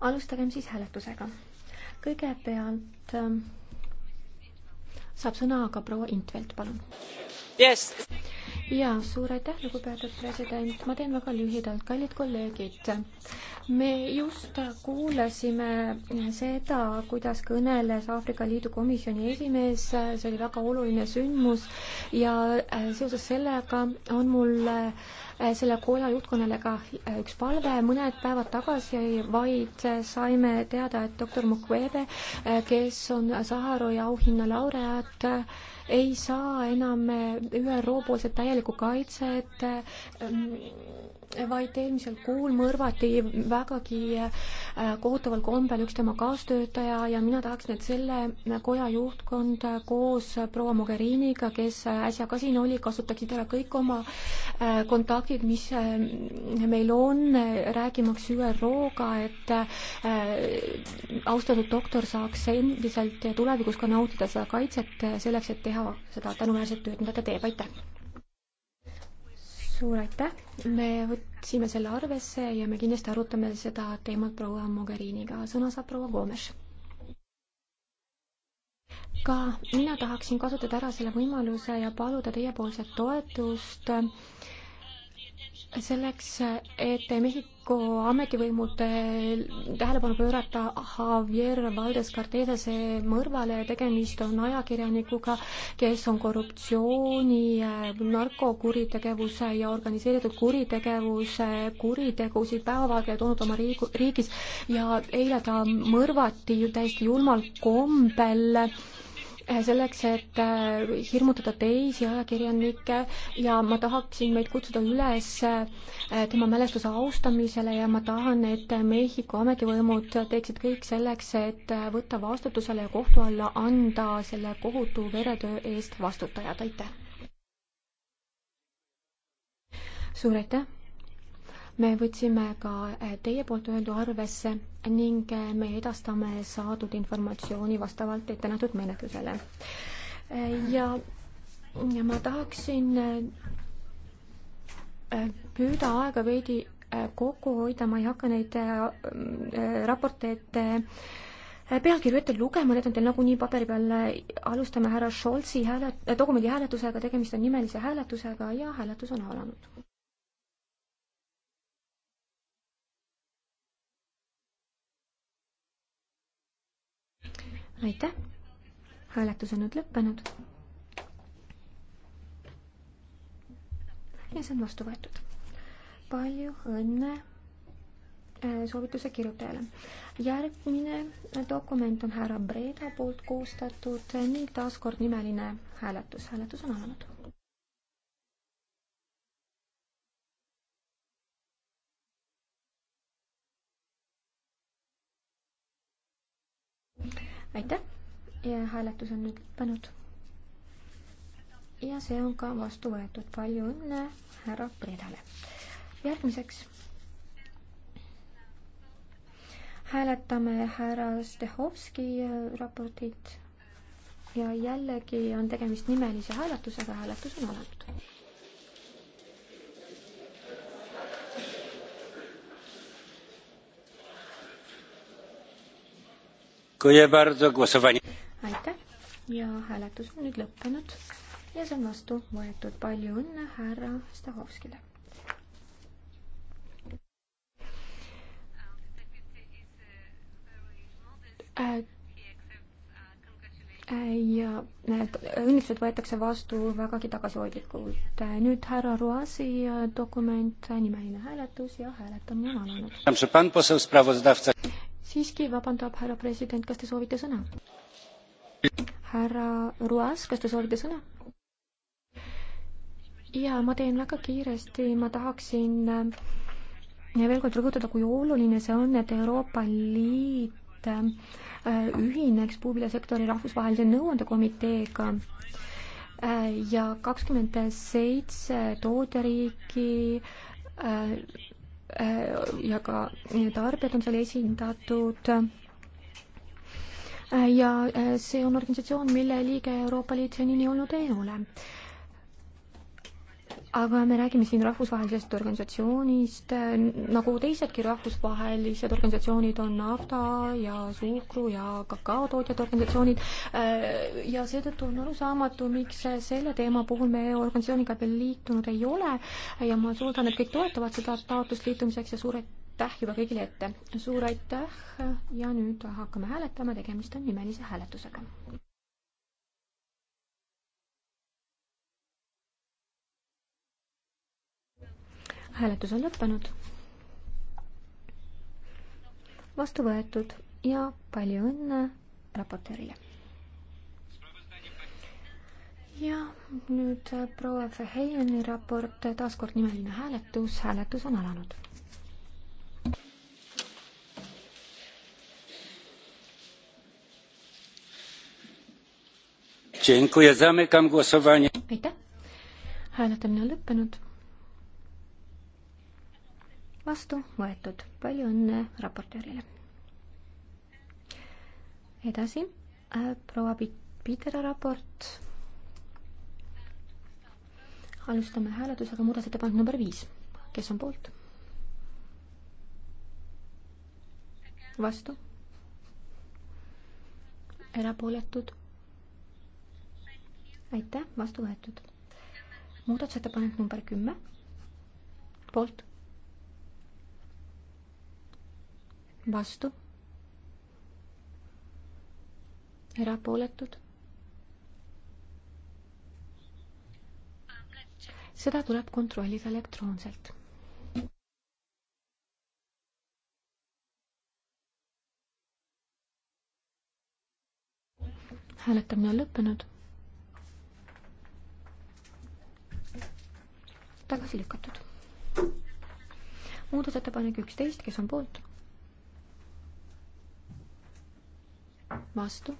alustagem siis hääletusega. kõigepealt ähm, saab sõna aga proua Intvelt, palun yes.. ja suur aitäh, lugupeetud president, ma teen väga lühidalt, kallid kolleegid. me just kuulasime seda, kuidas kõneles Aafrika Liidu komisjoni esimees, see oli väga oluline sündmus ja äh, seoses sellega on mul äh, Äh, selle koja juhtkonnale ka äh, üks palve, mõned päevad tagasi vaid saime teada, et doktor Mukwebe, äh, kes on Saharovi auhinna laureaat, ei saa enam ÜRO poolset täielikku kaitset, vaid eelmisel kuul mõrvati vägagi kohutaval kombel üks tema kaastöötaja ja mina tahaksin, et selle koja juhtkond koos proua Mogheriniga, kes äsja ka siin oli, kasutaksid ära kõik oma kontaktid, kontaktid, mis äh, meil on, räägimaks ÜRO-ga, et äh, austatud doktor saaks endiselt ja tulevikus ka nautida seda kaitset selleks, et teha seda tänuväärset tööd, mida ta teeb, aitäh! suur aitäh, me võtsime selle arvesse ja me kindlasti arutame seda teemat proua Mogheriniga, sõna saab proua Gomes ka mina tahaksin kasutada ära selle võimaluse ja paluda teiepoolset toetust äh, selleks, et Mehhiko ametivõimud tähelepanu pöörata Javier Valdes Cartesese mõrvale, tegemist on ajakirjanikuga, kes on korruptsiooni, narkokuritegevuse ja organiseeritud kuritegevuse kuritegusid päevavalgele toonud oma riigu, riigis ja eile ta mõrvati ju täiesti julmal kombel selleks, et äh, hirmutada teisi ajakirjanikke ja ma tahaksin meid kutsuda üles äh, tema mälestuse austamisele ja ma tahan, et Mehhiko ametivõimud teeksid kõik selleks, et äh, võtta vastutusele ja kohtu alla anda selle kohutu veretöö eest vastutajad, aitäh! suur aitäh! me võtsime ka eh, teie poolt öeldu arvesse ning eh, me edastame saadud informatsiooni vastavalt ettenähtud menetlusele. Eh, ja, ja ma tahaksin püüda aega veidi kokku hoida, ma ei hakka neid raporteid pealkirju ette lugema, need on teil nagunii paberi peal, alustame härra Scholzi hääle, dokumendi hääletusega, tegemist on nimelise hääletusega ja hääletus on alanud. aitäh. hääletus on nüüd lõppenud. ja see on vastu võetud. palju õnne äh, soovituse kirjutajale. järgmine äh, dokument on härra Breda poolt koostatud ning taaskord nimeline hääletus. hääletus on alanud aitäh ja hääletus on nüüd lõppenud. ja see on ka vastu võetud, palju õnne härra Predale. järgmiseks hääletame härra Stehovski raportit ja jällegi on tegemist nimelise hääletusega, hääletus on alanud. aitäh ja hääletus on nüüd lõppenud ja see on vastu võetud. palju õnne härra Stahovskile. ja need õnnitlused võetakse vastu vägagi tagasihoidlikult. nüüd härra Roasi dokument, nimeline hääletus ja hääletamine on alanud siiski vabandab härra president, kas te soovite sõna? härra Ruas, kas te soovite sõna? jaa, ma teen väga kiiresti, ma tahaksin äh, veel kord rõhutada, kui oluline see on, et Euroopa Liit äh, ühineks puuviljasektori rahvusvahelise nõuandekomiteega äh, ja kakskümmend seitse tooderiiki Äh, ja ka äh, tarbijad on seal esindatud äh, ja see on organisatsioon, mille liige Euroopa Liit senini olnud ei ole aga me räägime siin rahvusvahelisest organisatsioonist, nagu teisedki rahvusvahelised organisatsioonid on nafta ja suhkru ja kakaotootjate organisatsioonid ja seetõttu on arusaamatu, miks selle teema puhul me organisatsiooniga veel liitunud ei ole ja ma suudan, et kõik toetavad seda taotlust liitumiseks ja suur aitäh juba kõigile ette. suur aitäh ja nüüd hakkame hääletama, tegemist on nimelise hääletusega. hääletus on lõppenud. vastu võetud ja palju õnne raportöörile. ja nüüd proua Feheiani raport, taaskord nimeline hääletus, hääletus on alanud aitäh hääletamine on lõppenud vastu võetud. palju õnne raportöörile. edasi äh, proua Piitera raport. alustame hääletusega muudatusettepanek number viis, kes on poolt? vastu? erapooletud? aitäh, vastu võetud. muudatusettepanek number kümme, poolt vastu, erapooletud. seda tuleb kontrollida elektroonselt hääletamine on lõppenud. tagasi lükatud. muudatusettepanek üksteist, kes on poolt? vastu.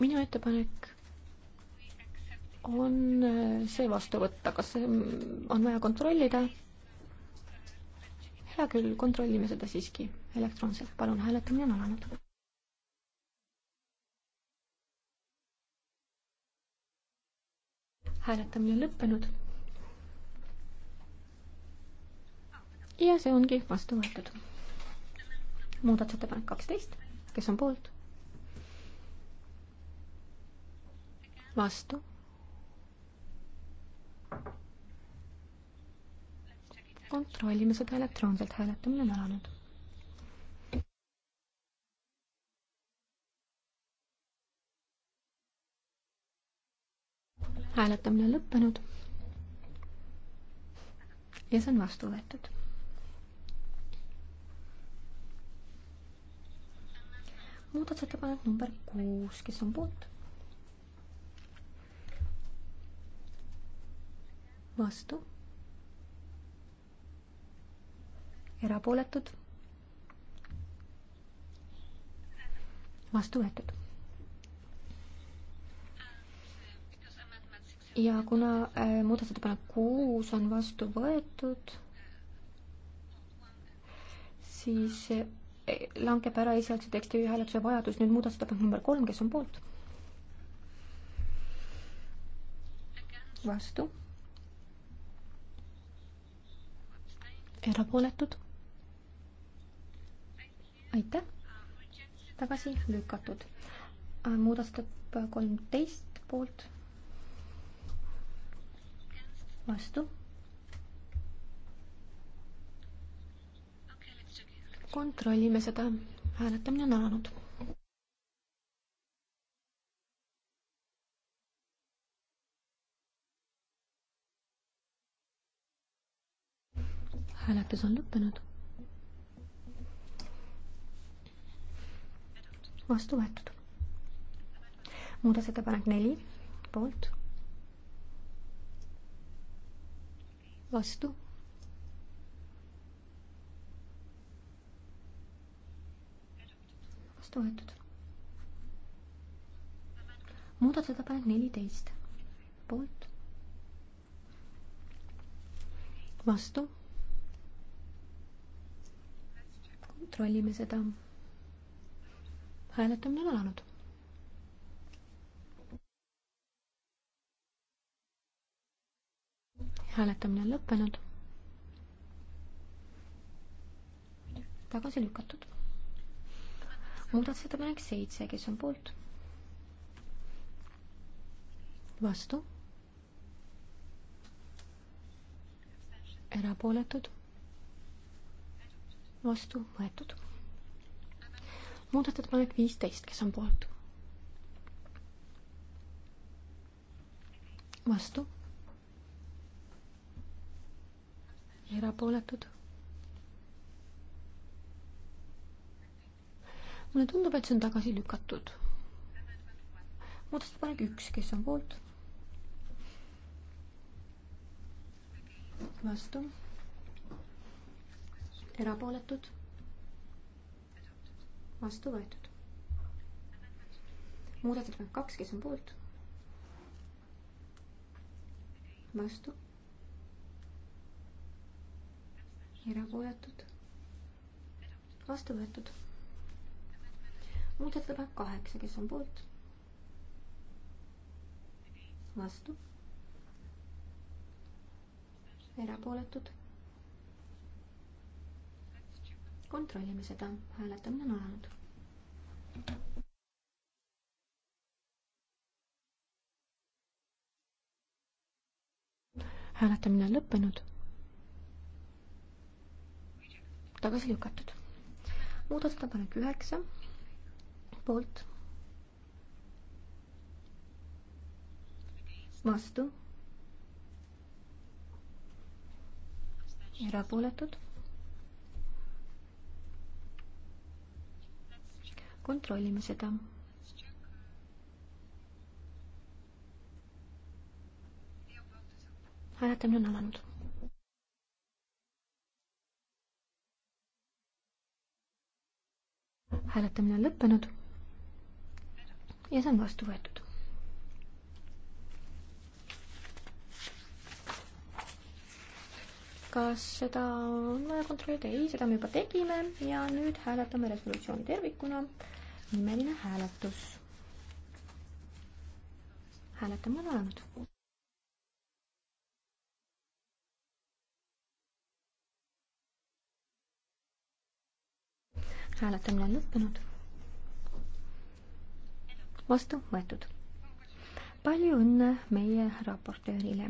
minu ettepanek on äh, see vastu võtta, kas äh, on vaja kontrollida? hea küll, kontrollime seda siiski elektroonselt, palun, hääletamine on alanud. hääletamine on lõppenud ja see ongi vastu võetud. muudatusettepanek kaksteist, kes on poolt? vastu. kontrollime seda elektroonselt, hääletamine on alanud. hääletamine on lõppenud ja see on vastu võetud muudatusettepanek number kuus, kes on poolt? vastu. erapooletud. vastu võetud. ja kuna äh, muudatusettepanek kuus on vastu võetud, siis langeb ära esialgse teksti hääletuse vajadus, nüüd muudatusettepanek number kolm, kes on poolt? vastu. erapooletud. aitäh. tagasi lükatud. Äh, muudatusettepanek kolmteist poolt. vastu kontrollime seda, hääletamine on alanud. hääletus on lõppenud. vastu võetud. muudatusettepanek neli, poolt. vastu vastu võetud. muudatusettepanek neliteist, poolt, vastu. kontrollime seda. hääletamine on alanud hääletamine on lõppenud. tagasi lükatud muudatusettepanek seitse, kes on poolt? vastu? erapooletud? vastu võetud. muudatusettepanek viisteist, kes on poolt? vastu? erapooletud mulle tundub, et see on tagasi lükatud. muudatusettepanek üks, kes on poolt? vastu? erapooletud? vastu võetud. muudatusettepanek kaks, kes on poolt? vastu? erapooletud? vastu võetud muudatusettepanek kaheksa, kes on poolt? vastu. erapooletud. kontrollime seda, hääletamine on alanud. hääletamine on lõppenud. tagasi lükatud. muudatusettepanek üheksa poolt, vastu, erapooletud. kontrollime seda hääletamine on alanud. hääletamine on lõppenud ja see on vastu võetud. kas seda on vaja kontrollida? ei, seda me juba tegime ja nüüd hääletame resolutsiooni tervikuna. nimeline hääletus. hääletamine on alanud. hääletamine on lõppenud vastu võetud. palju õnne meie raportöörile.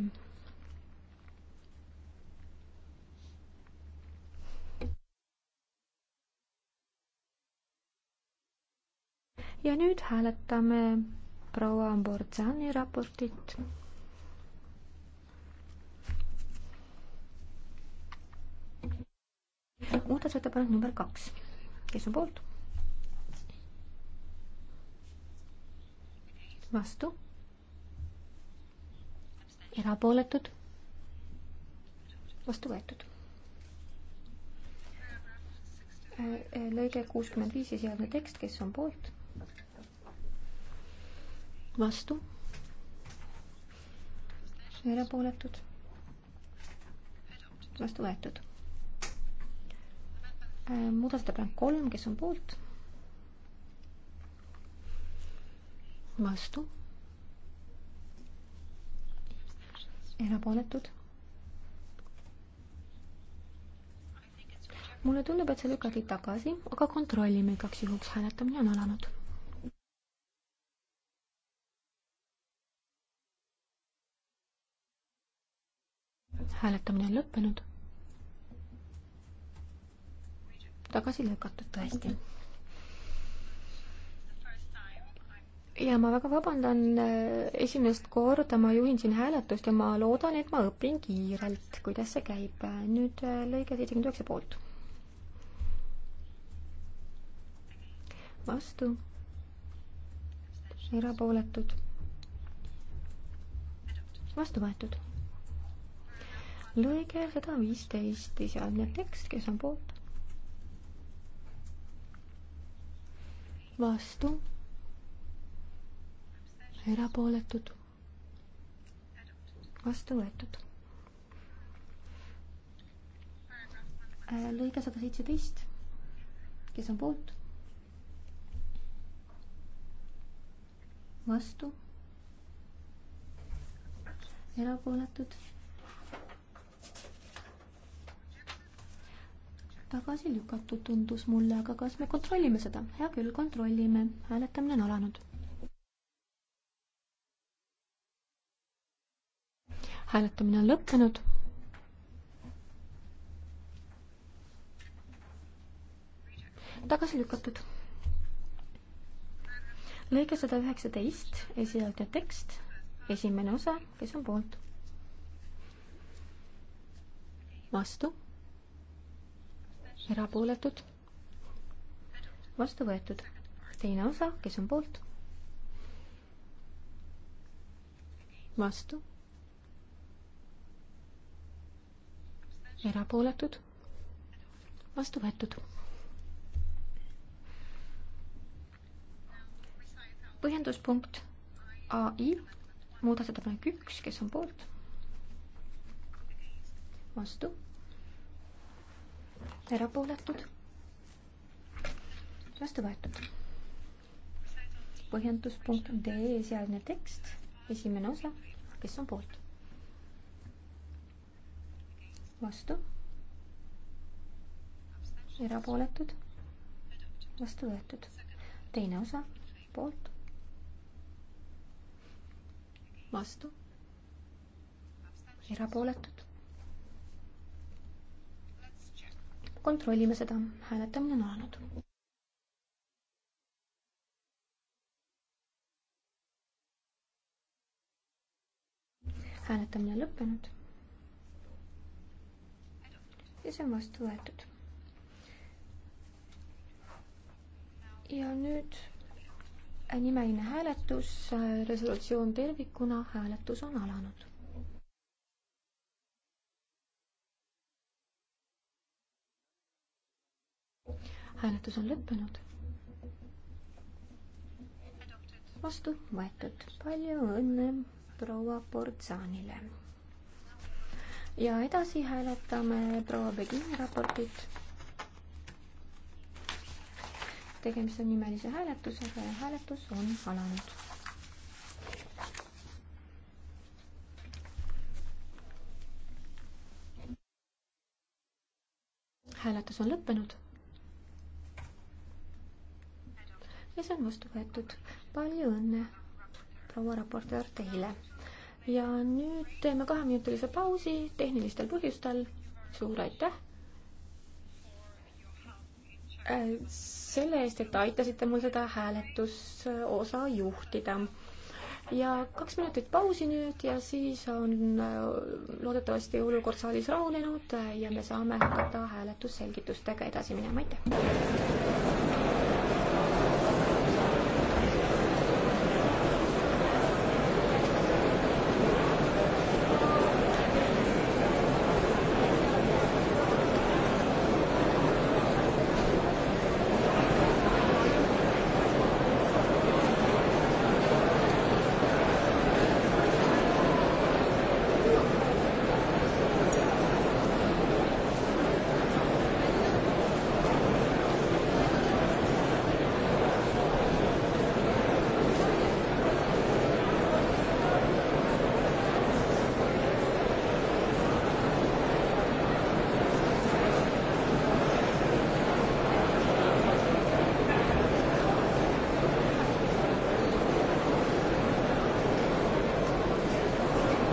ja nüüd hääletame proua Bordzani raportit. muudatusettepanek number kaks, kes on poolt? vastu, erapooletud, vastu võetud. Äh, äh, lõige kuuskümmend viis, esialgne tekst, kes on poolt, vastu, erapooletud, vastu võetud äh, muudatusettepanek kolm, kes on poolt vastu, erapooletud. mulle tundub, et see lükati tagasi, aga kontrollime igaks juhuks, hääletamine on alanud hääletamine on lõppenud. tagasi lükatud tõesti mm. -hmm. ja ma väga vabandan, äh, esimest korda ma juhin siin hääletust ja ma loodan, et ma õpin kiirelt, kuidas see käib. nüüd äh, lõige seitsekümmend üheksa poolt. vastu. erapooletud. vastu võetud. lõige sada viisteist, esialgne tekst, kes on poolt? vastu erapooletud, vastu võetud. lõige sada seitseteist, kes on poolt? vastu, erapooletud, tagasi lükatud tundus mulle, aga kas me kontrollime seda? hea küll, kontrollime, hääletamine on alanud hääletamine on lõppenud. tagasi lükatud. lõige sada üheksateist, esialgne tekst, esimene osa, kes on poolt? vastu? erapooletud? vastu võetud. teine osa, kes on poolt? vastu erapooletud, vastu võetud. põhjenduspunkt ai, muudatusettepanek üks, kes on poolt? vastu, erapooletud, vastu võetud. põhjenduspunkt D, sealne tekst, esimene osa, kes on poolt? vastu, erapooletud, vastu võetud. teine osa, poolt, vastu, erapooletud. kontrollime seda, hääletamine on alanud. hääletamine lõppenud ja see on vastu võetud. ja nüüd nimeline hääletus, resolutsioon tervikuna, hääletus on alanud hääletus on lõppenud. vastu võetud. palju õnne proua Portsaanile ja edasi hääletame proua Begini raportit. tegemist on nimelise hääletusega ja hääletus on alanud. hääletus on lõppenud. ja see on vastu võetud. palju õnne, proua raportöör, teile ja nüüd teeme kaheminutilise pausi tehnilistel põhjustel. suur aitäh äh, selle eest, et aitasite mul seda hääletusosa juhtida. ja kaks minutit pausi nüüd ja siis on äh, loodetavasti olukord saalis rahunenud ja me saame hakata hääletusselgitustega edasi minema, aitäh!